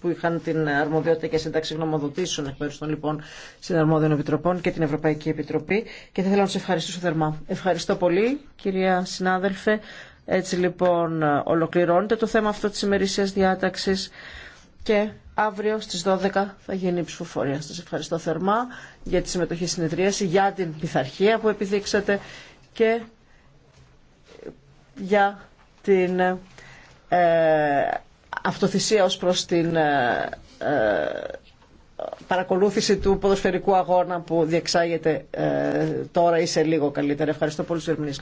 που είχαν την αρμοδιότητα και σύνταξη γνωμοδοτήσεων εκ μέρου των λοιπόν συναρμόδιων επιτροπών και την Ευρωπαϊκή Επιτροπή. Και θα ήθελα να του ευχαριστήσω θερμά. Ευχαριστώ πολύ, κυρία συνάδελφε. Έτσι λοιπόν ολοκληρώνεται το θέμα αυτό τη ημερησία διάταξη. και αύριο στις 12 θα γίνει η ψηφοφορία. Σας ευχαριστώ θερμά για τη συμμετοχή στην συνεδρίαση, για την πειθαρχία που επιδείξατε και για την... Ε, αυτοθυσία ως προς την ε, ε, παρακολούθηση του ποδοσφαιρικού αγώνα που διεξάγεται ε, τώρα ή σε λίγο καλύτερα. Ευχαριστώ πολύ τους Ερμηνείς,